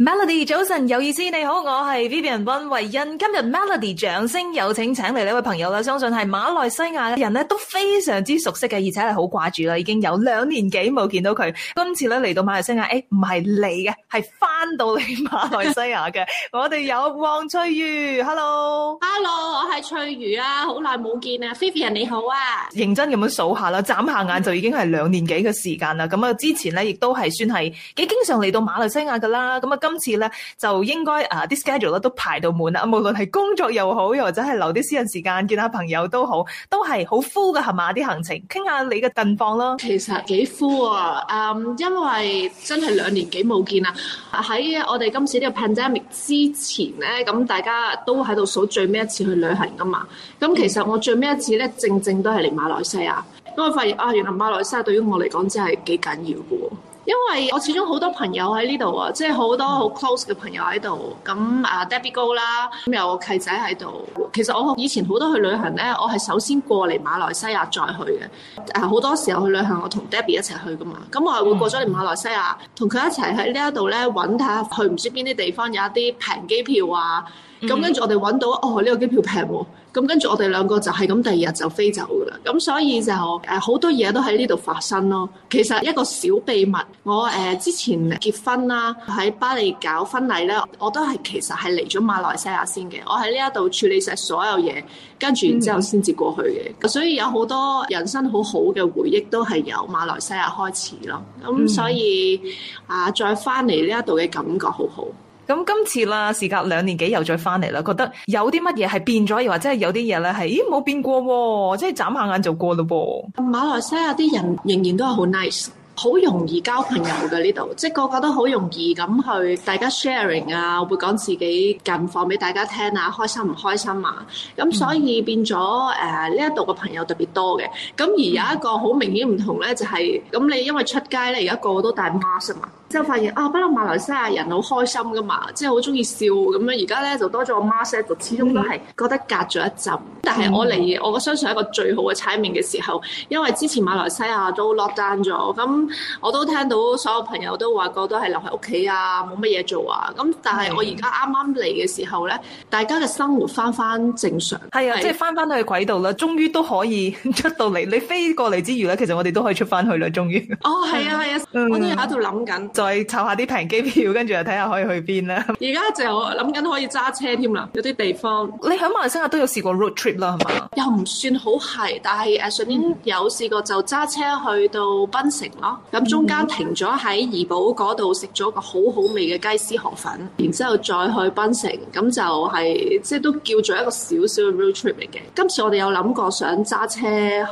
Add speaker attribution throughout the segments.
Speaker 1: Melody 早晨有意思，你好，我係 Vivian 溫慧欣。今日 Melody 掌聲有請，請嚟呢位朋友啦，相信係馬來西亞嘅人咧都非常之熟悉嘅，而且係好掛住啦，已經有兩年幾冇見到佢，今次咧嚟到馬來西亞，誒唔係嚟嘅，係翻到嚟馬來西亞嘅。 我哋有黃翠瑜。h e l l o h e l l o 我係翠瑜啊。好耐冇見啊 ，Vivian 你好啊，認真咁樣數下啦，眨下眼就已經係兩年幾嘅時間啦。咁啊，之前咧亦都係算係幾經常嚟到馬來西亞噶啦，咁啊今次咧就應該啊啲 schedule 都排到滿啦，無論係工作又好，又或者係留啲私人時間見下朋友都好，都係好 full 噶係嘛啲行程，傾下你嘅近況囉。其實幾 full 啊，嗯，因為真係兩年幾冇見啦。喺
Speaker 2: 我哋今次呢個 pandemic 之前咧，咁、嗯、大家都喺度數最尾一次去旅行噶嘛。咁、嗯、其實我最尾一次咧，正正都係嚟馬來西亞，咁我發現啊，原來馬來西亞對於我嚟講真係幾緊要噶。因為我始終好多朋友喺呢度啊，即係好多好 close 嘅朋友喺度，咁啊 Debbie Go 啦，咁有個契仔喺度。其實我以前好多去旅行呢，我係首先過嚟馬來西亞再去嘅。但係好多時候去旅行，我同 Debbie 一齊去噶嘛。咁我係會過咗嚟馬來西亞，同佢一齊喺呢一度呢，揾睇下去唔知邊啲地方有一啲平機票啊。.咁、嗯、跟住我哋揾到哦呢、呢個機票平喎，咁跟住我哋兩個就係咁第二日就飛走噶啦，咁所以就誒好、呃、多嘢都喺呢度發生咯。其實一個小秘密，我誒、呃、之前結婚啦，喺巴黎搞婚禮呢，我都係其實係嚟咗馬來西亞先嘅。我喺呢一度處理晒所有嘢，跟住然之後先至過去嘅。嗯、所以有好多人生好好嘅回憶都係由
Speaker 1: 馬來西亞開始咯。咁所以、嗯、啊，再翻嚟呢一度嘅感覺好好。咁今次啦，事隔兩年幾又再返嚟啦，覺得有啲乜嘢係變咗，又或者係有啲嘢咧係，咦冇變過喎，即係眨下眼眼就過嘞噃。馬來西亞啲人仍
Speaker 2: 然都係好 nice。好容易交朋友嘅呢度，即係個個都好容易咁去大家 sharing 啊，會講自己近況俾大家聽啊，開心唔開心啊，咁所以變咗誒呢一度個朋友特別多嘅，咁而有一個好明顯唔同咧，就係、係、咁你因為出街咧，而家個個都戴 mask 啊嘛，之後發現啊，不嬲馬來西亞人好開心噶嘛，即係好中意笑咁樣，而家咧就多咗個 mask，就始終都係覺得隔咗一陣。嗯、但係我嚟，我相信係一個最好嘅 timing 嘅時候，因為之前馬來西亞都 lock down 咗，咁。我都聽到所有朋友都話過都係留喺屋企啊，冇乜嘢做啊。咁但係我而家啱啱嚟嘅時候咧，大家嘅生活翻翻正常。係啊的，的即係翻
Speaker 1: 翻去軌道啦，終於都可以出到嚟。你飛過嚟之餘咧，其實我哋都可以出翻去啦，終於。哦，係啊，係啊，我哋喺度諗緊，嗯嗯、再湊下啲平機票，跟住又睇下可以去邊啦。而家就諗緊可以揸車添啦，有啲地方。你喺馬來西亞都有試過
Speaker 2: road trip 啦，係嘛？又唔算好係，但係誒上年有試過就揸車去到檳城咯。咁中間停咗喺怡寶嗰度食咗個好好味嘅雞絲河粉，然之後再去檳城，咁就係即係都叫做一個小小嘅 road trip 嚟嘅。今次我哋有諗過想揸車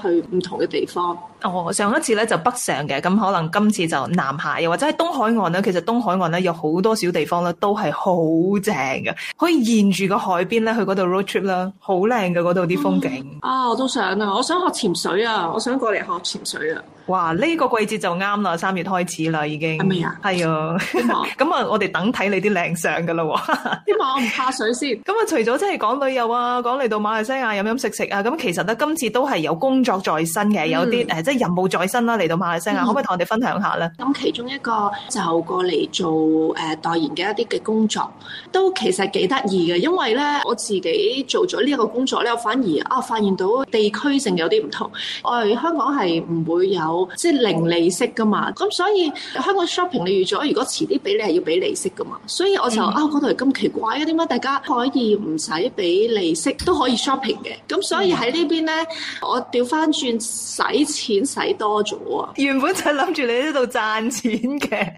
Speaker 2: 去唔同嘅地方。
Speaker 1: 哦，上一次咧就北上嘅，咁可能今次就南下，又或者喺東海岸咧。其實東海岸咧有好多小地方咧，都係好正嘅，可以沿住個海邊咧去嗰度 road trip 啦，好靚嘅嗰度啲風景、嗯。啊，我都想啊，我想學潛水啊，我想過嚟學潛水啊。哇！呢、這個季節就啱啦，三月開始啦，已經。係咪啊？係啊嗎。咁啊， 我哋等睇你啲靚相噶啦喎。因為我唔怕水先。咁啊， 除咗真係講旅遊啊，講嚟到馬來西亞飲飲食食啊，咁其實咧，今次都係有工作在身嘅，有啲誒，即係任務在身啦，嚟到馬來西亞，可唔可以同我哋分享下咧？咁其中一個就過嚟做誒、呃、代言嘅一
Speaker 2: 啲嘅工作，都其實幾得意嘅，因為咧，我自己做咗呢一個工作咧，我反而啊發現到地區性有啲唔同，我、呃、哋香港係唔會有。即係零利息噶嘛，咁所以香港 shopping 你預咗，如果遲啲俾你係要俾利息噶嘛，所以我就、嗯、啊嗰度咁奇怪嘅，點解大家可以唔使俾利息都可以 shopping 嘅？咁所以喺呢邊咧，我調翻轉使錢使多咗啊！嗯、
Speaker 1: 原本就係諗住你呢度賺錢嘅，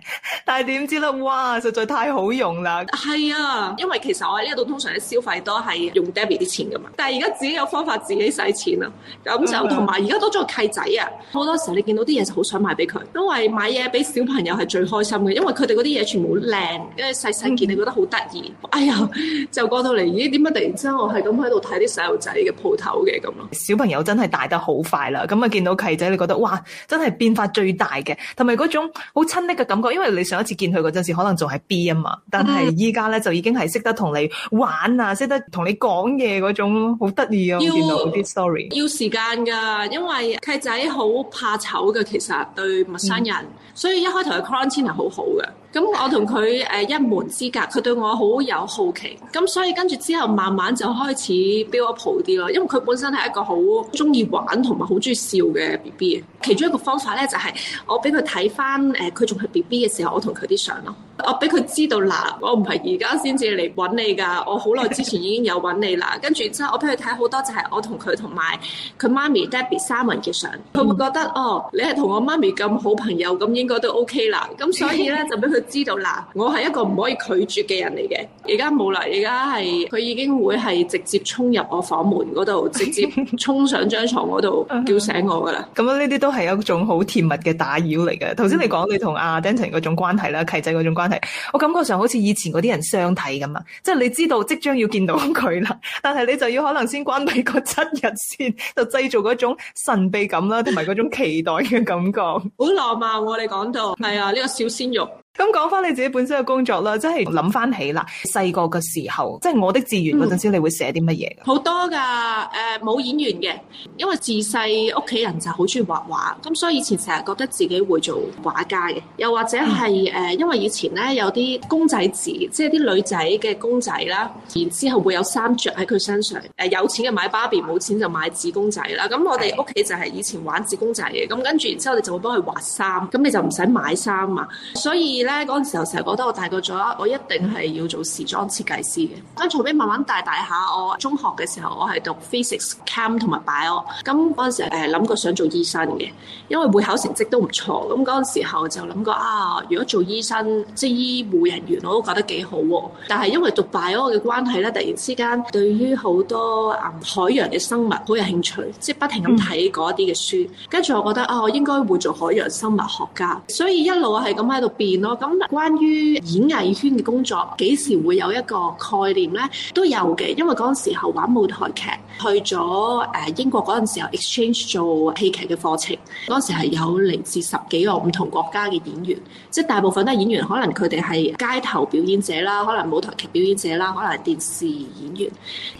Speaker 1: 但係點知咧，哇，實在太好用啦！係啊，因為其實我喺呢度通常啲消費都係用 debit 啲錢噶嘛，但係而家
Speaker 2: 自己有方法自己使錢啊。咁就同埋而家都做契仔啊，好多時候你，見到啲嘢就好想買俾佢，因為買嘢俾小朋友係最開心嘅，因為佢哋嗰啲嘢全部靚，因為細細件你覺得好得意。嗯、哎呀，就過到嚟，咦？點解突然之間我係咁喺度睇啲細路仔
Speaker 1: 嘅鋪頭嘅咁咯？小朋友真係大得好快啦，咁啊見到契仔你覺得哇，真係變化最大嘅，同埋嗰種好親昵嘅感覺，因為你上一次見佢嗰陣時可能仲係 B 啊嘛，但係依家咧就已經係識得同你玩啊，識得同你講嘢嗰種好得意啊！要見到啲 story
Speaker 2: 要時間㗎，因為契仔好怕醜。好嘅，其實對陌生人，嗯、所以一開頭嘅 quarantine 係好好嘅。咁我同佢誒一門之隔，佢對我好有好奇，咁所以跟住之後慢慢就開始 build up p 啲咯。因為佢本身係一個好鍾意玩同埋好鍾意笑嘅 B B。其中一個方法咧就係、是、我俾佢睇返誒，佢仲係 B B 嘅時候，我同佢啲相咯。我俾佢知道啦，我唔係而家先至嚟揾你噶，我好耐之前已經有揾你啦。跟住之後，我俾佢睇好多，就係我同佢同埋佢媽咪 Debbie Simon 嘅相，佢會覺得、嗯、哦，你係同我媽咪咁好朋友，咁應該都 OK 啦。咁所以咧就俾佢知道啦，我係一個唔可以拒絕嘅人嚟嘅。而家冇啦，而家係佢已經會係直接衝入我房門嗰度，直接
Speaker 1: 衝上張床嗰度叫醒我噶啦。咁、嗯、樣呢啲都係一種好甜蜜嘅打擾嚟嘅。頭先你講你同阿 Denton 嗰種關係啦，契仔嗰種關係。我感覺上好似以前嗰啲人相睇咁啊，即係你知道即將要見到佢啦，但係你就要可能先關閉個七日先，就製造嗰種神秘感啦，同埋嗰種期待嘅感覺，好 浪漫。我哋講到係啊，呢個小鮮肉。咁講翻你自己本身嘅工作啦，即係諗翻起啦，細個嘅時候，即係我的志願嗰陣時，嗯、你會寫啲乜嘢？
Speaker 2: 好多㗎，誒、呃、冇演員嘅，因為自細屋企人就好中意畫畫，咁所以以前成日覺得自己會做畫家嘅，又或者係誒、嗯呃，因為以前咧有啲公仔字，即係啲女仔嘅公仔啦，然之後會有衫着喺佢身上，誒、有錢嘅買芭比，冇錢就買紙公仔啦。咁我哋屋企就係以前玩紙公仔嘅，咁跟住然之後你就會幫佢畫衫，咁你就唔使買衫啊，所以。咧嗰陣時候成日覺得我大個咗啦，我一定係要做時裝設計師嘅。咁隨後慢慢大大下，我中學嘅時候我係讀 physics、chem 同埋 bio。咁嗰陣時誒諗過想做醫生嘅，因為會考成績都唔錯。咁嗰陣時候就諗過啊，如果做醫生即係醫護人員，我都覺得幾好喎。但係因為讀 bio 嘅關係咧，突然之間對於好多誒海洋嘅生物好有興趣，即係不停睇嗰啲嘅書。跟住、嗯、我覺得啊，我應該會做海洋生物學家。所以一路係咁喺度變咯。咁關於演藝圈嘅工作，幾時會有一個概念咧？都有嘅，因為嗰陣時候玩舞台劇，去咗誒英國嗰陣時候 exchange 做戲劇嘅課程，嗰時係有嚟自十幾個唔同國家嘅演員，即係大部分都係演員，可能佢哋係街頭表演者啦，可能舞台劇表演者啦，可能係電視演員。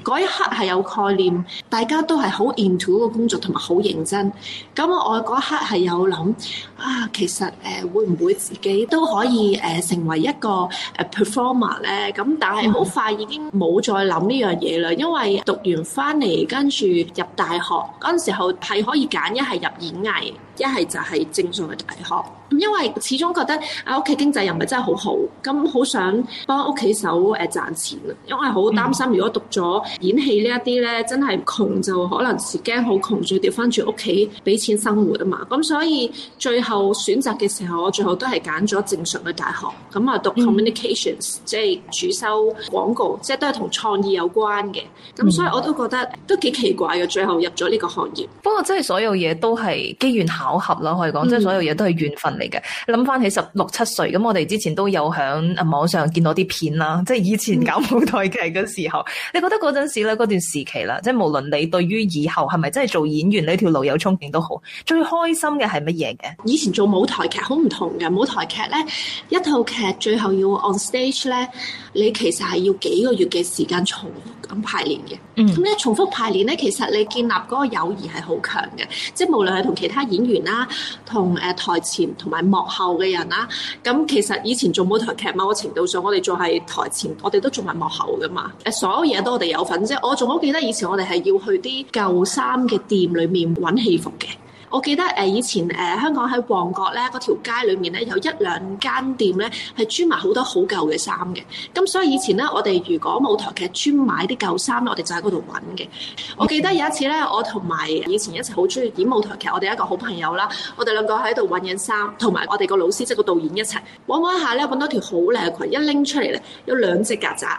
Speaker 2: 嗰一刻係有概念，大家都係好 into 嘅工作，同埋好認真。咁我嗰一刻係有諗啊，其實誒會唔會自己都好。可以誒成為一個誒 performer 咧，咁但係好快已經冇再諗呢樣嘢啦，因為讀完翻嚟跟住入大學嗰陣時候係可以揀一係入演藝。一係就係正常嘅大學，因為始終覺得喺屋企經濟又唔係真係好好，咁好想幫屋企手誒賺錢啊，因為好擔心如果讀咗演戲呢一啲咧，嗯、真係窮就可能是驚好窮，仲要掉翻住屋企俾錢生活啊嘛，咁所以最後選擇嘅時候，我最後都係揀咗正常嘅大學，咁啊讀 communications，嗯、即係主修廣告，即係都係同創意有關嘅，咁所以我都覺得都幾奇怪嘅，最後入咗呢個行業。
Speaker 1: 不過、嗯、真係所有嘢都係機緣巧巧合咯，可以講，即係所有嘢都係緣分嚟嘅。諗翻起十六七歲，咁我哋之前都有喺網上見到啲片啦，即係以前搞舞台劇嘅時候。 你覺得嗰陣時咧，嗰段時期啦，即係無論你對於以後係咪真係做演員呢條路有憧憬都好，最開心嘅係乜嘢嘅？以前做舞台劇好唔同嘅，舞台劇咧一套劇最後要 on stage 咧，
Speaker 2: 你其實係要幾個月嘅時間重。咁排練嘅，咁咧、嗯、重複排練咧，其實你建立嗰個友誼係好強嘅，即係無論係同其他演員啦，同誒台前同埋幕後嘅人啦，咁其實以前做舞台劇某個程度上，我哋仲係台前，我哋都仲係幕後㗎嘛，誒所有嘢都我哋有份啫，我仲好記得以前我哋係要去啲舊衫嘅店裏面揾戲服嘅。我記得誒以前誒香港喺旺角咧嗰條街裏面咧有一兩間店咧係專賣好多好舊嘅衫嘅，咁所以以前咧我哋如果舞台劇專買啲舊衫咧，我哋就喺嗰度揾嘅。我記得有一次咧，我同埋以前一齊好中意演舞台劇，我哋一個好朋友啦，我哋兩個喺度揾緊衫，同埋我哋個老師即係、就是、個導演一齊揾揾下咧，揾到條好靚嘅裙，一拎出嚟咧有兩隻曱甴，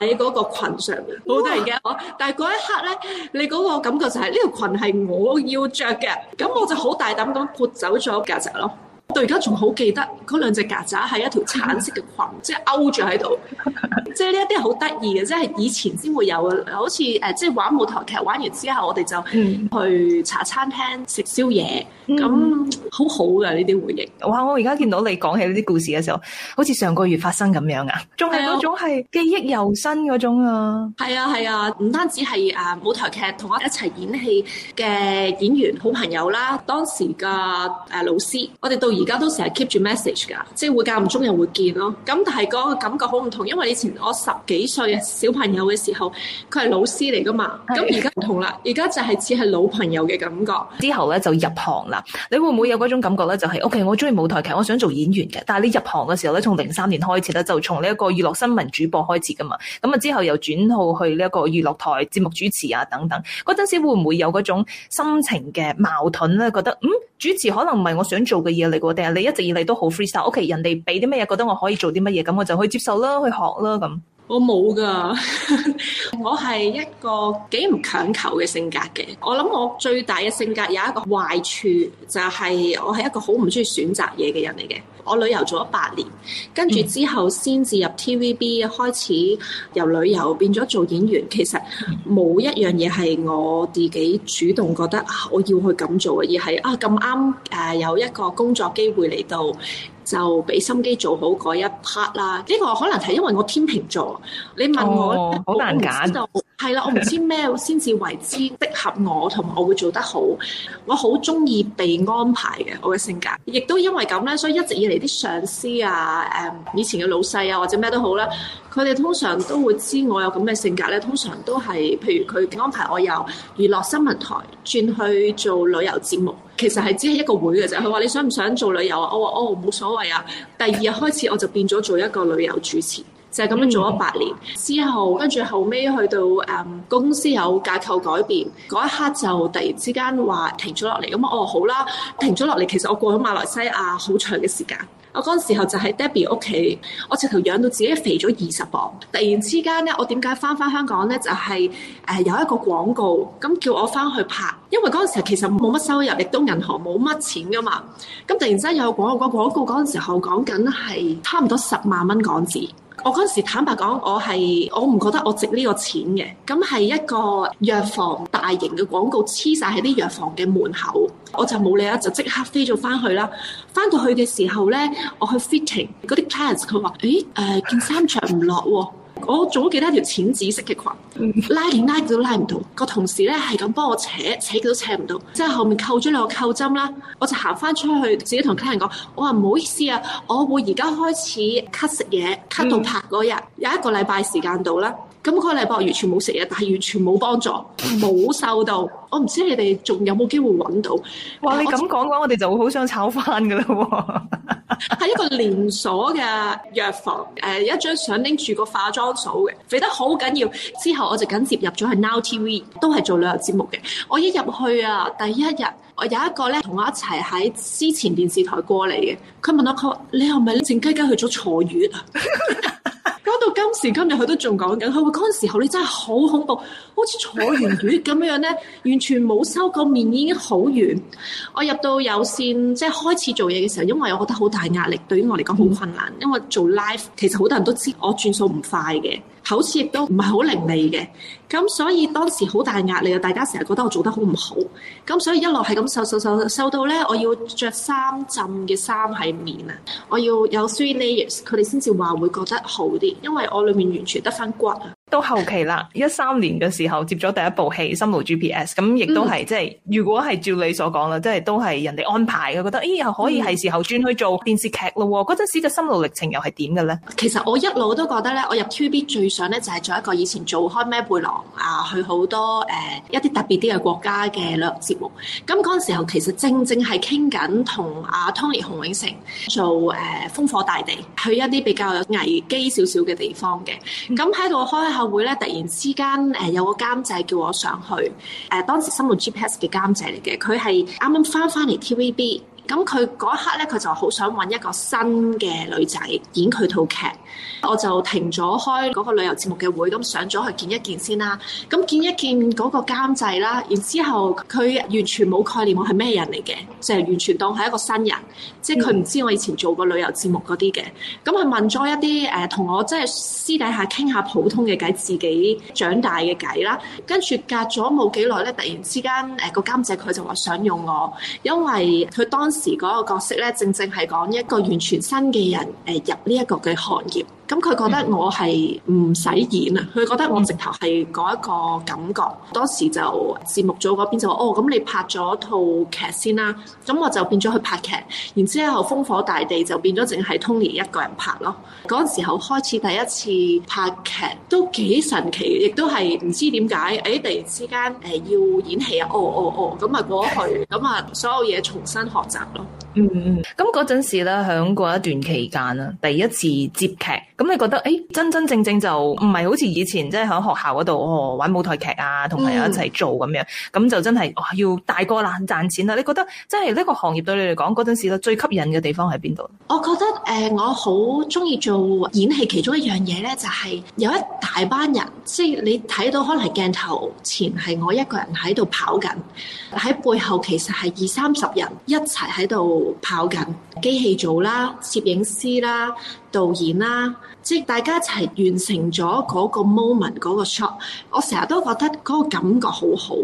Speaker 2: 喺嗰哇個裙上面哇，好得人驚嘅，但係嗰一刻咧你嗰個感覺就係呢條裙係我要著。嘅，咁我就好大膽咁撥走咗曱甴咯，到而家仲好記得嗰兩隻曱甴係一條橙色嘅裙，即係勾住喺度。即係呢一啲好得意嘅，即係以前先會有嘅。好似誒即係玩舞台
Speaker 1: 劇，玩完之後我哋就去茶餐廳食宵夜，咁、嗯、好好嘅呢啲回憶。哇！我而家見到你講起呢啲故事嘅時候，好似上個月發生咁樣啊，仲係嗰種係記憶猶新嗰種啊。係啊係啊，哎哎、唔單止係誒舞
Speaker 2: 台劇同我一齊演戲嘅演員好朋友啦，當時嘅誒老師，我哋到而家都成日 keep 住 message 㗎，即係會間唔中又會見咯。咁但係個感覺好唔同，因為以前，我十幾歲嘅小朋友嘅時候，佢係老師嚟噶嘛？咁而
Speaker 1: 家唔同啦，而家就係似係老朋友嘅感覺。之後咧就入行啦，你會唔會有嗰種感覺咧，就係？就係，OK，我中意舞台劇，我想做演員嘅。但係你入行嘅時候咧，從零三年開始咧，就從呢一個娛樂新聞主播開始噶嘛。咁啊之後又轉到去呢一個娛樂台節目主持啊等等。嗰陣時會唔會有嗰種心情嘅矛盾咧？覺得嗯主持可能唔係我想做嘅嘢嚟嘅，定係你一直以嚟都好 freestyle。OK，人哋俾啲乜嘢，覺得我可以做啲乜嘢，咁我就去接受啦，去學啦咁。我冇㗎，
Speaker 2: 我係一個幾唔強求嘅性格嘅。我諗我最大嘅性格有一個壞處，就係我係一個好唔中意選擇嘢嘅人嚟嘅。我旅遊做咗八年，跟住之後先至入 TVB 開始由旅遊變咗做演員。其實冇一樣嘢係我自己主動覺得我要去咁做嘅，而係啊咁啱誒有一個工作機會嚟到。就俾心機做好嗰一 part 啦，呢個可能係因為我天秤座，你問我，好難揀。係啦， 我唔知咩先至為之適合我，同埋我會做得好。我好中意被安排嘅，我嘅性格。亦都因為咁咧，所以一直以嚟啲上司啊、誒、嗯、以前嘅老細啊，或者咩都好啦，佢哋通常都會知我有咁嘅性格咧，通常都係，譬如佢安排我由娛樂新聞台轉去做旅遊節目，其實係只係一個會嘅啫。佢話你想唔想做旅遊啊？我話哦，冇所謂啊。第二日開始我就變咗做一個旅遊主持。就係咁樣做咗八年之後，跟住後尾去到誒、嗯、公司有架構改變嗰一刻，就突然之間話停咗落嚟。咁我話好啦，停咗落嚟。其實我過咗馬來西亞好長嘅時間。我嗰陣時候就喺 Debbie 屋企，我直頭養到自己肥咗二十磅。突然之間咧，我點解翻翻香港咧？就係、是、誒有一個廣告咁叫我翻去拍，因為嗰陣時候其實冇乜收入，亦都銀行冇乜錢噶嘛。咁突然之間有個廣告，廣告嗰陣時候講緊係差唔多十萬蚊港紙。我嗰陣時坦白講，我係我唔覺得我值呢個錢嘅。咁係一個藥房大型嘅廣告黐晒喺啲藥房嘅門口，我就冇理啦，就即刻飛咗翻去啦。翻到去嘅時候咧，我去 fitting 嗰啲 clients，佢話：誒、呃，件衫著唔落喎。我做咗幾多條淺紫色嘅裙，拉鏈拉都拉唔到，個同事咧係咁幫我扯，扯佢都扯唔到，即係後面扣咗兩個扣針啦，我就行翻出去，自己同客人講：我話唔好意思啊，我會而家開始 cut 食嘢，cut 到拍嗰日、嗯、有一個禮拜時間度啦。咁、嗰個禮拜我完全冇食嘢，但係完全冇幫助，冇瘦到。我唔知你哋仲有冇機會揾到。哇！但我你咁講嘅話，我哋就會好想炒番噶啦喎。係 一個連鎖嘅藥房，誒一張相拎住個化妝掃嘅，肥得好緊要。之後我就緊接入咗去 Now TV，都係做旅遊節目嘅。我一入去啊，第一日。我有一個咧，同我一齊喺之前電視台過嚟嘅。佢問我：話佢你係咪靜雞雞去咗坐月啊？講 到今時今日，佢都仲講緊。佢話嗰陣時候，你真係好恐怖，好似坐完月咁樣樣咧，完全冇收過面已經好遠。我入到有線即係開始做嘢嘅時候，因為我覺得好大壓力，對於我嚟講好困難。因為做 live 其實好多人都知我轉數唔快嘅。口齒都唔係好伶俐嘅，咁所以當時好大壓力啊！大家成日覺得我做得好唔好，咁所以一路係咁瘦瘦瘦瘦、瘦到呢。我要着三浸嘅衫喺面啊，我要有 three layers，佢哋先至話會覺得好
Speaker 1: 啲，因為我裏面完全得返骨。到後期啦，一三年嘅時候接咗第一部戲《心路 GPS》，咁亦都係、嗯、即係如果係照你所講啦，即係都係人哋安排嘅，覺得咦、哎、又可以係時候轉去做電視劇咯。嗰陣、嗯、時嘅心路歷程又係點嘅咧？其實我一路都覺得咧，我入 TVB 最想咧就係、是、做一個以前做開《咩背囊》啊，去好多誒、
Speaker 2: 啊、一啲特別啲嘅國家嘅旅遊節目。咁嗰陣時候其實正正係傾緊同阿 Tony 洪永城做誒《烽、啊、火大地》，去一啲比較有危機少少嘅地方嘅。咁喺度開口。會咧，突然之間，誒有個監製叫我上去，誒當時《新聞 GPS》嘅監製嚟嘅，佢係啱啱翻翻嚟 TVB。咁佢嗰一刻咧，佢就好想揾一個新嘅女仔演佢套劇，我就停咗開嗰個旅遊節目嘅會。咁上咗去見一見先啦。咁見一見嗰個監製啦，然之後佢完全冇概念我係咩人嚟嘅，係、就係、完全當係一個新人，即係佢唔知我以前做過旅遊節目嗰啲嘅。咁佢問咗一啲誒同我即係私底下傾下普通嘅計，自己長大嘅計啦。跟住隔咗冇幾耐咧，突然之間誒個監製佢就話想用我，因為佢當時嗰個角色咧，正正係講一個完全新嘅人，誒、呃，入呢一個嘅行業。咁佢、嗯、覺得我係唔使演啊，佢覺得我直頭係嗰一個感覺。嗯、當時就節目組嗰邊就話哦，咁你拍咗套劇先啦。咁我就變咗去拍劇，然之後《烽火大地》就變咗淨係 Tony 一個人拍咯。嗰陣時候開始第一次拍劇都幾神奇，亦都係唔知點解，誒、哎、突然之間誒、呃、要演戲啊！哦哦哦，咁、哦、啊、嗯、過去，咁啊 所有嘢重新學習咯。嗯嗯，
Speaker 1: 咁嗰陣時咧，響過一段期間啦，第一次接劇。咁你覺得，誒、欸、真真正正就唔係好似以前即係喺學校嗰度，哦，玩舞台劇啊，同朋友一齊做咁樣，咁、嗯、就真係哇、哦、要大個啦，賺錢啦！你覺得，即係呢個行業對你嚟講嗰陣時最吸引嘅地方係邊度？
Speaker 2: 我覺得，誒、呃、我好中意做演戲其中一樣嘢咧，就係有一大班人，即、就、係、是、你睇到可能鏡頭前係我一個人喺度跑緊，喺背後其實係二三十人一齊喺度跑緊，機器組啦、啊、攝影師啦、啊、導演啦、啊。即係大家一齊完成咗嗰個 moment 嗰個 shot，我成日都覺得嗰個感覺好好。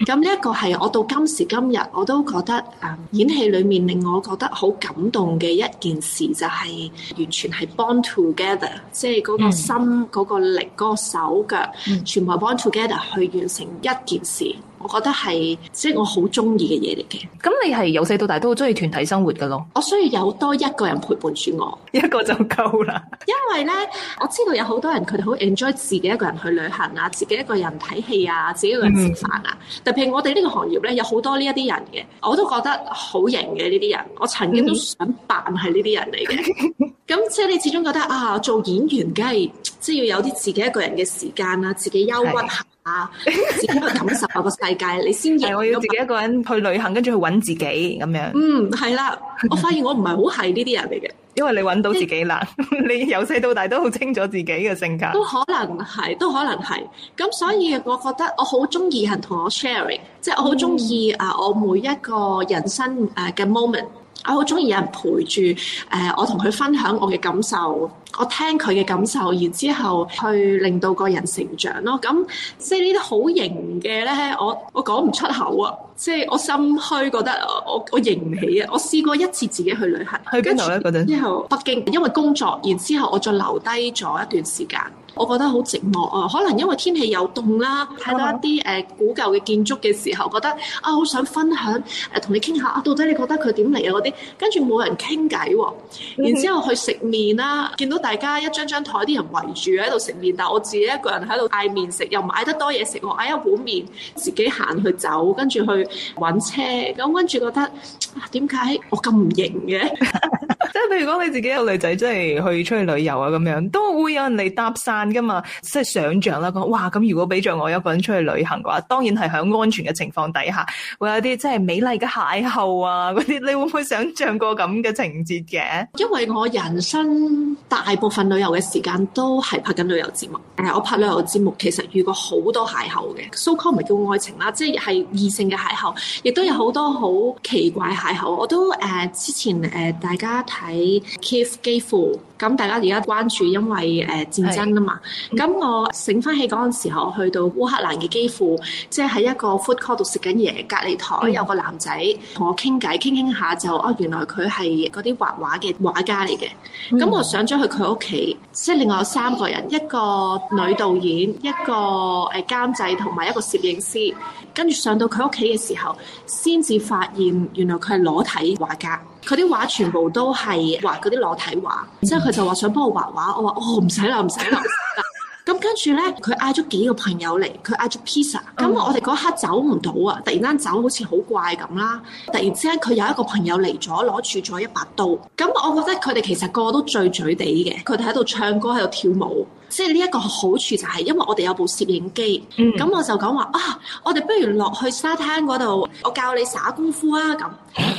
Speaker 2: 咁呢一個係我到今時今日我都覺得誒演戲裏面令我覺得好感動嘅一件事，就係完全係 bond together，即係嗰個心、嗰、mm. 個力、嗰、嗰個手腳，全部係 bond together 去完成一件事。我覺得係，即、就、係、是、我好中意嘅嘢嚟嘅。
Speaker 1: 咁你係由細到大都好中意團體生活噶咯？
Speaker 2: 我需要有多一個人陪伴住我，一個就夠啦。 因為咧，我知道有好多人佢哋好 enjoy 自己一個人去旅行啊，自己一個人睇戲啊，自己一個人食飯啊。嗯、特別我哋呢個行業咧，有好多呢一啲人嘅，我都覺得好型嘅呢啲人。我曾經都想扮係呢啲人嚟嘅。咁、嗯、 即係你始終覺得啊，做演員
Speaker 1: 梗係即係要有啲自己一個人嘅時間啊，自己憂鬱 啊！自己去感受個世界，你先至我要自己一個人去旅行，跟住去揾自己咁樣。嗯，係啦。我發現我唔係好係呢啲人嚟嘅。 因為你揾到自己喇。 你由細到大都好清楚自己嘅性格都。都可
Speaker 2: 能係，都可能係。咁所以我覺得我好中意人同我 sharing，即係我好中意啊！我每一個人生誒嘅 moment，嗯。 我好中意有人陪住，誒、呃，我同佢分享我嘅感受，我聽佢嘅感受，然之後去令到個人成長咯。咁即係呢啲好型嘅咧，我我講唔出口啊！即係我心虛，覺得我我型唔起啊！我試過一次自己去旅行，去邊度咧嗰陣？之後北京，因為工作，然之後我再留低咗一段時間。我覺得好寂寞啊，可能因為天氣又凍啦，睇、嗯、到一啲誒古舊嘅建築嘅時候，覺得、嗯、啊好想分享誒，同你傾下啊，到底你覺得佢點嚟啊嗰啲，跟住冇人傾偈喎，然之後去食麵啦，見到大家一張張台啲人圍住喺度食麵，但我自己一個人喺度嗌麵食，又買得多嘢食喎，嗌一碗麵，自己行去走，跟住去搵車，咁跟住覺得啊點解我咁唔型嘅？
Speaker 1: 即係譬如講你自己有女仔，即、就、係、是、去出去旅遊啊咁樣，都會有人嚟搭訕。噶嘛，即係想象啦。咁哇，咁如果俾着我一個人出去旅行嘅話，當然係喺安全嘅情況底下，會有啲即係美麗嘅邂逅啊，嗰啲你會唔會想象過咁嘅情節嘅？因為我人生大部分旅遊嘅時間
Speaker 2: 都係拍緊旅遊節目。誒，我拍旅遊節目其實遇過好多邂逅嘅，so called 唔叫愛情啦，即係異性嘅邂逅，亦都有好多好奇怪邂逅。我都誒、呃、之前誒大家睇 keep 幾乎咁，大家而家關注因為誒戰爭啊嘛。咁、嗯、我醒翻起嗰陣時候，去到烏克蘭嘅機庫，即係喺一個 food court 度食緊嘢，隔離台有個男仔同我傾偈，傾傾下就哦，原來佢係嗰啲畫畫嘅畫家嚟嘅。咁、嗯、我上咗去佢屋企，即係另外有三個人，一個女導演，一個誒監製同埋一個攝影師。跟住上到佢屋企嘅時候，先至發現原來佢係裸體畫家。佢啲畫全部都係畫嗰啲裸體畫，之後佢就話想幫我畫畫，我話哦，唔使啦，唔使啦。咁 跟住呢，佢嗌咗幾個朋友嚟，佢嗌咗 pizza。咁、嗯、我哋嗰刻走唔到啊，突然間走好似好怪咁啦。突然之間佢有一個朋友嚟咗，攞住咗一把刀。咁我覺得佢哋其實個個都醉醉哋嘅，佢哋喺度唱歌，喺度跳舞。即係呢一個好處就係，因為我哋有部攝影機，咁、嗯、我就講話啊，我哋不如落去沙灘嗰度，我教你耍功夫啊咁。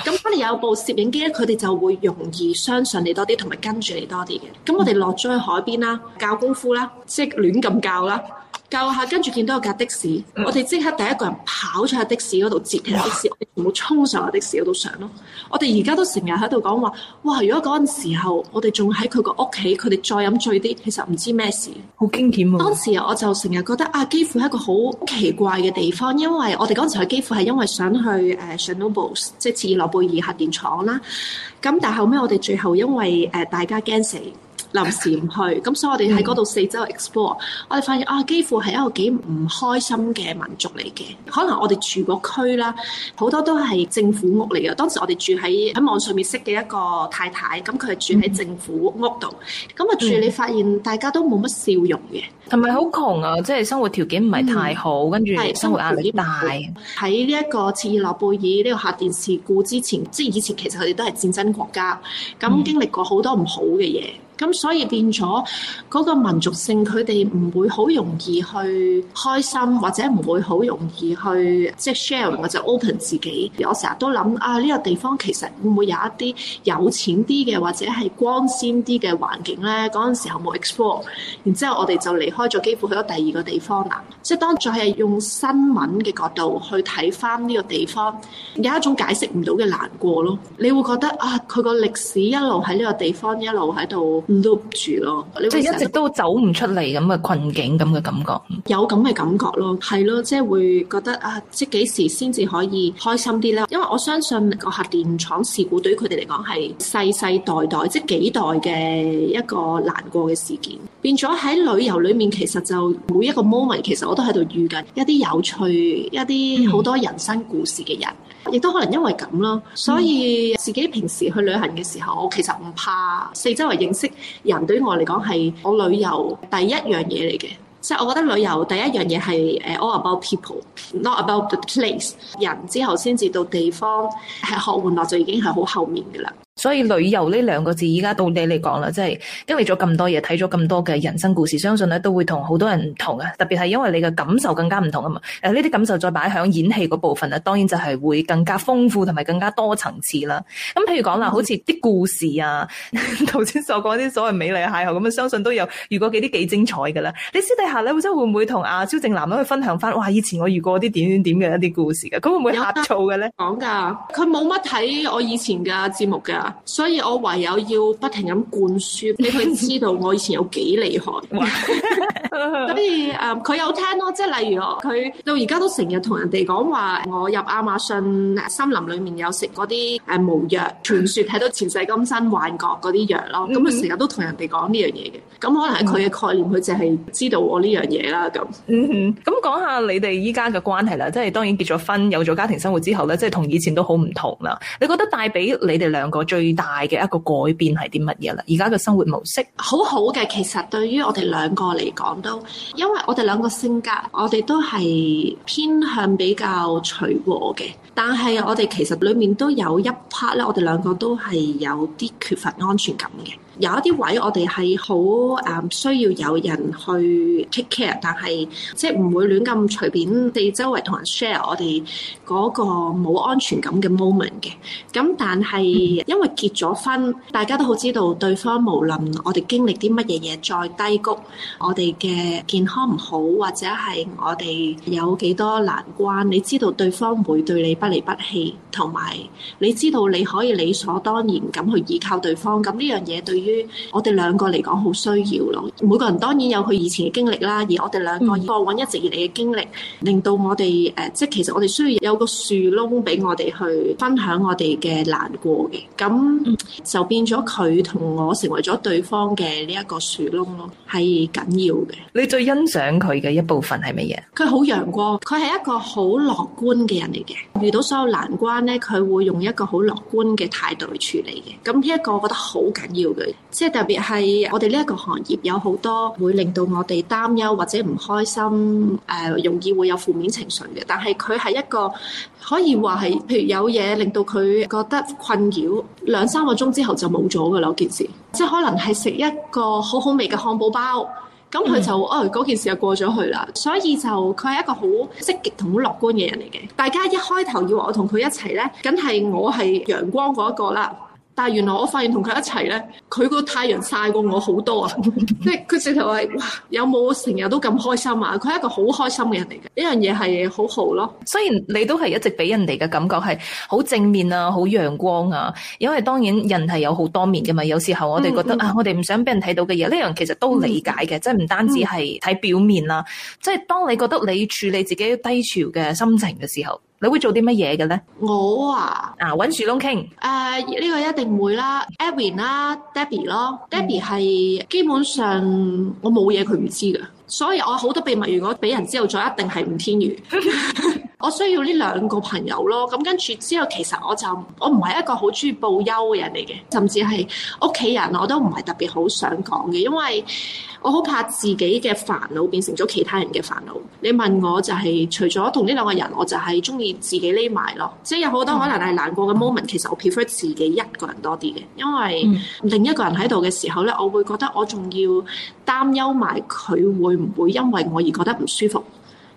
Speaker 2: 咁因為有部攝影機咧，佢哋就會容易相信你多啲，同埋跟住你多啲嘅。咁我哋落咗去海邊啦，教功夫啦，即係亂咁教啦。救下，跟住見到有架的士，嗯、我哋即刻第一個人跑咗去的士嗰度，截其他的士，哇我哋全部衝上去的士嗰度上咯。我哋而家都成日喺度講話，哇！如果嗰陣時候我哋仲喺佢個屋企，佢哋再飲醉啲，其實唔知咩事。好驚險喎、啊！當時我就成日覺得啊，幾乎係一個好奇怪嘅地方，因為我哋嗰陣時去幾乎係因為想去誒 Chernobyl 即係切爾諾貝爾核電廠啦。咁但係後尾我哋最後因為誒大家驚死。臨時唔去咁，所以我哋喺嗰度四周 explore、嗯、我哋發現啊，幾乎係一個幾唔開心嘅民族嚟嘅，可能我哋住個區啦，好多都係政府屋嚟嘅。當時我哋住喺喺網上面識嘅一個太太，咁佢係住喺政府屋度，
Speaker 1: 咁啊、嗯、住你發現大家都冇乜笑容嘅，係咪好窮啊？即係生活條件唔係太好，嗯、跟住生活壓力
Speaker 2: 啲大。喺呢一個切爾諾貝爾呢個核電事故之前，即係以前其實佢哋都係戰爭國家，咁經歷過好多唔好嘅嘢。咁所以變咗嗰、那個民族性，佢哋唔會好容易去開心，或者唔會好容易去即係 share 或者 open 自己。我成日都諗啊，呢、這個地方其實會唔會有一啲有錢啲嘅，或者係光鮮啲嘅環境呢？嗰陣時候冇 explore，然之後我哋就離開咗，幾乎去咗第二個地方啦。即、就、係、是、當再係用新聞嘅角度去睇返呢個地方，有一種解釋唔到嘅難過咯。你會覺得啊，佢個歷史一路喺呢個地方，一路喺度。loop 住咯，即係一直都走唔出嚟咁嘅困境咁嘅感覺，有咁嘅感覺咯，係咯，即係會覺得啊，即係幾時先至可以開心啲咧？因為我相信個核電廠事故對於佢哋嚟講，係世世代代即係幾代嘅一個難過嘅事件，變咗喺旅遊裏面其實就每一個 moment 其實我都喺度遇緊一啲有趣、嗯、一啲好多人生故事嘅人。亦都可能因為咁咯，所以自己平時去旅行嘅時候，我其實唔怕四周圍認識人，對於我嚟講係我旅遊第一樣嘢嚟嘅。即係我覺得旅遊第一樣嘢係誒 all about people，not about the place。人之後先至到地方係學玩樂，就已經係好後面
Speaker 1: 嘅啦。所以旅遊呢兩個字，依家到你嚟講啦，即係經歷咗咁多嘢，睇咗咁多嘅人生故事，相信咧都會同好多人唔同啊。特別係因為你嘅感受更加唔同啊嘛。誒、呃，呢啲感受再擺響演戲嗰部分啊，當然就係會更加豐富同埋更加多層次啦。咁、啊、譬如講啦，好似啲故事啊，頭先、嗯、 所講啲所謂美麗邂逅咁啊，相信都有。如果佢啲幾精彩噶啦，你私底下咧，會真係會唔會同阿蕭正楠去分享翻？哇，以前我遇過啲點點點嘅一啲故事嘅，佢會唔會呷醋嘅咧？講噶，
Speaker 2: 佢冇乜睇我以前嘅節目嘅。所以我唯有要不停咁灌輸，俾佢知道我以前有幾厲害。 所以誒，佢有聽咯，即係例如佢到而家都成日同人哋講話，我入亞馬遜森林裏面有食嗰啲誒巫藥傳說，睇到前世今生幻覺嗰啲藥咯。咁佢成日都同人哋講呢樣嘢嘅。咁可能係佢嘅
Speaker 1: 概念，佢就係知道我呢樣嘢啦。咁，嗯咁、嗯、講下你哋依家嘅關係啦，即係當然結咗婚，有咗家庭生活之後咧，即係同以前都好唔同啦。你覺得帶俾你哋兩個最最大嘅一個改變係啲乜嘢啦？而家嘅生活模式，好好嘅。其實對於
Speaker 2: 我哋兩個嚟講都，因為我哋兩個性格，我哋都係偏向比較隨和嘅。但係我哋其實裡面都有一 part 咧，我哋兩個都係有啲缺乏安全感嘅。有一啲位我哋係好誒需要有人去 take care，但係即係唔會亂咁隨便地周圍同人 share 我哋嗰個冇安全感嘅 moment 嘅。咁但係因為結咗婚，大家都好知道對方無論我哋經歷啲乜嘢嘢，再低谷，我哋嘅健康唔好，或者係我哋有幾多難關，你知道對方會對你不離不棄，同埋你知道你可以理所當然咁去依靠對方。咁呢樣嘢對於於我哋兩個嚟講好需要咯。每個人當然有佢以前嘅經歷啦，而我哋兩個過往一直以嚟嘅經歷，令到我哋誒，即係其實我哋需要有個樹窿俾我哋去分享我哋嘅難過嘅。咁就變咗佢同我成為咗對方嘅呢一個樹窿咯，係
Speaker 1: 緊要嘅。你最欣賞佢嘅一部分係乜嘢？
Speaker 2: 佢好陽光，佢係一個好樂觀嘅人嚟嘅。遇到所有難關咧，佢會用一個好樂觀嘅態度去處理嘅。咁呢一個我覺得好緊要嘅。即係特別係我哋呢一個行業有好多會令到我哋擔憂或者唔開心，誒容易會有負面情緒嘅。但係佢係一個可以話係，譬如有嘢令到佢覺得困擾，兩三個鐘之後就冇咗㗎啦。件事，即係可能係食一個好好味嘅漢堡包，咁佢就哦嗰、哎、件事就過咗去啦。所以就佢係一個好積極同好樂觀嘅人嚟嘅。大家一開頭以為我同佢一齊呢，梗係我係陽光嗰一個啦。但係原來我發現同佢一齊咧，佢個太陽曬過我好多啊！即係佢直頭話哇，有冇成日都咁開心啊？佢係一個好開心嘅人嚟嘅，呢樣嘢係好好咯。
Speaker 1: 雖然你都係一直俾人哋嘅感覺係好正面啊，好陽光啊。因為當然人係有好多面嘅嘛。有時候我哋覺得、嗯嗯、啊，我哋唔想俾人睇到嘅嘢，呢、這、樣、個、其實都理解嘅，嗯、即係唔單止係睇表面啦、啊。嗯、即係當你覺得你處理自己低潮嘅心情嘅時候。你會做啲乜嘢嘅咧？我啊，啊揾樹窿傾誒，呢、呃這個
Speaker 2: 一定會啦 Evan 啦，Debbie 咯，Debbie 係、嗯、基本上我冇嘢佢唔知嘅，所以我好多秘密如果俾人知道咗，一定係吳天瑜。 我需要呢兩個朋友咯，咁跟住之後，其實我就我唔係一個好中意報憂嘅人嚟嘅，甚至係屋企人我都唔係特別好想講嘅，因為。我好怕自己嘅煩惱變成咗其他人嘅煩惱。你問我就係、是、除咗同呢兩個人，我就係中意自己匿埋咯。即係有好多可能係難過嘅 moment，其實我 prefer 自己一個人多啲嘅。因為另一個人喺度嘅時候咧，我會覺得我仲要擔憂埋佢會唔會因為我而覺得唔舒服。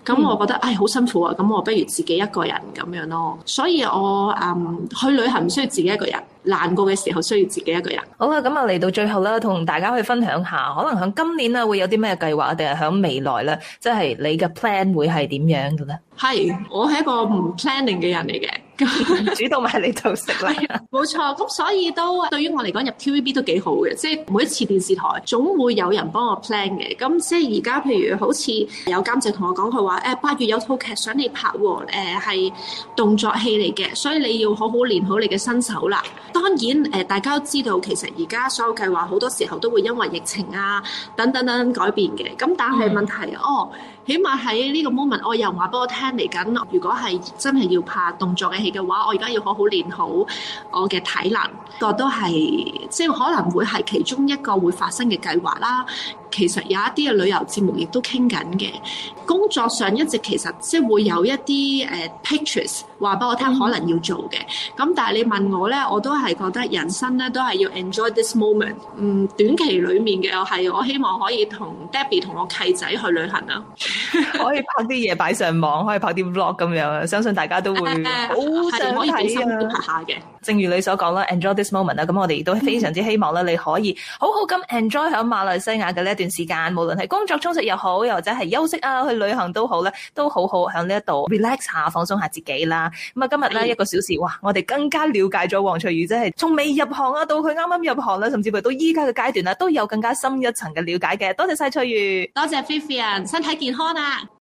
Speaker 2: 咁我覺得唉好、哎、辛苦啊，咁我不如自己一個人咁樣咯。所以我嗯去旅行唔需要自己一個人。難
Speaker 1: 過嘅時候需要自己一個人。好啦，咁啊嚟到最後啦，同大家去分享一下，可能響今年啊會有啲咩計劃啊，定係響未來咧，即係你嘅 plan 會係點樣噶咧？係
Speaker 2: ，Hi, 我係一個唔 planning 嘅人嚟嘅，咁煮到埋你就食啦。冇 錯，咁所以都對於我嚟講入 TVB 都幾好嘅，即係每一次電視台總會有人幫我 plan 嘅。咁即係而家譬如好似有監製同我講，佢話誒八月有套劇想你拍喎，誒、欸、係動作戲嚟嘅，所以你要好好練好你嘅身手啦。當然誒、呃，大家都知道其實而家所有計劃好多時候都會因為疫情啊等等等，等改變嘅。咁但係問題、mm. 哦。起碼喺呢個 moment，我有人話俾我聽嚟緊，如果係真係要拍動作嘅戲嘅話，我而家要好好練好我嘅體能，個都係即係可能會係其中一個會發生嘅計劃啦。其實有一啲嘅旅遊節目亦都傾緊嘅，工作上一直其實即係會有一啲誒 pictures 話俾我聽，可能要做嘅。咁但係你問我咧，我都係覺得人生咧都係要 enjoy this moment。嗯，短期裡面嘅我係我希望可以同 Debbie 同我契仔去旅行啊，
Speaker 1: 可以拍啲嘢擺上網，可以拍啲 vlog 咁樣，相信大家都會好想、
Speaker 2: 啊、可以喺呢度拍
Speaker 1: 下嘅。正如你所講啦，enjoy this moment 啊，咁我哋亦都非常之希望咧，你可以好好咁 enjoy 喺馬來西亞嘅咧。段時間，無論係工作充實又好，又或者係休息啊、去旅行都好咧，都好好喺呢一度 relax 下、放鬆下自己啦。咁啊，今日咧一個小時，哇！我哋更加了解咗黃翠如，真係從未入行啊，到佢啱啱入行啦，甚至乎到依家嘅階段啦，都有更加深一層嘅了解嘅。多謝晒翠如，多謝 Vivian 啊，身體健康啊！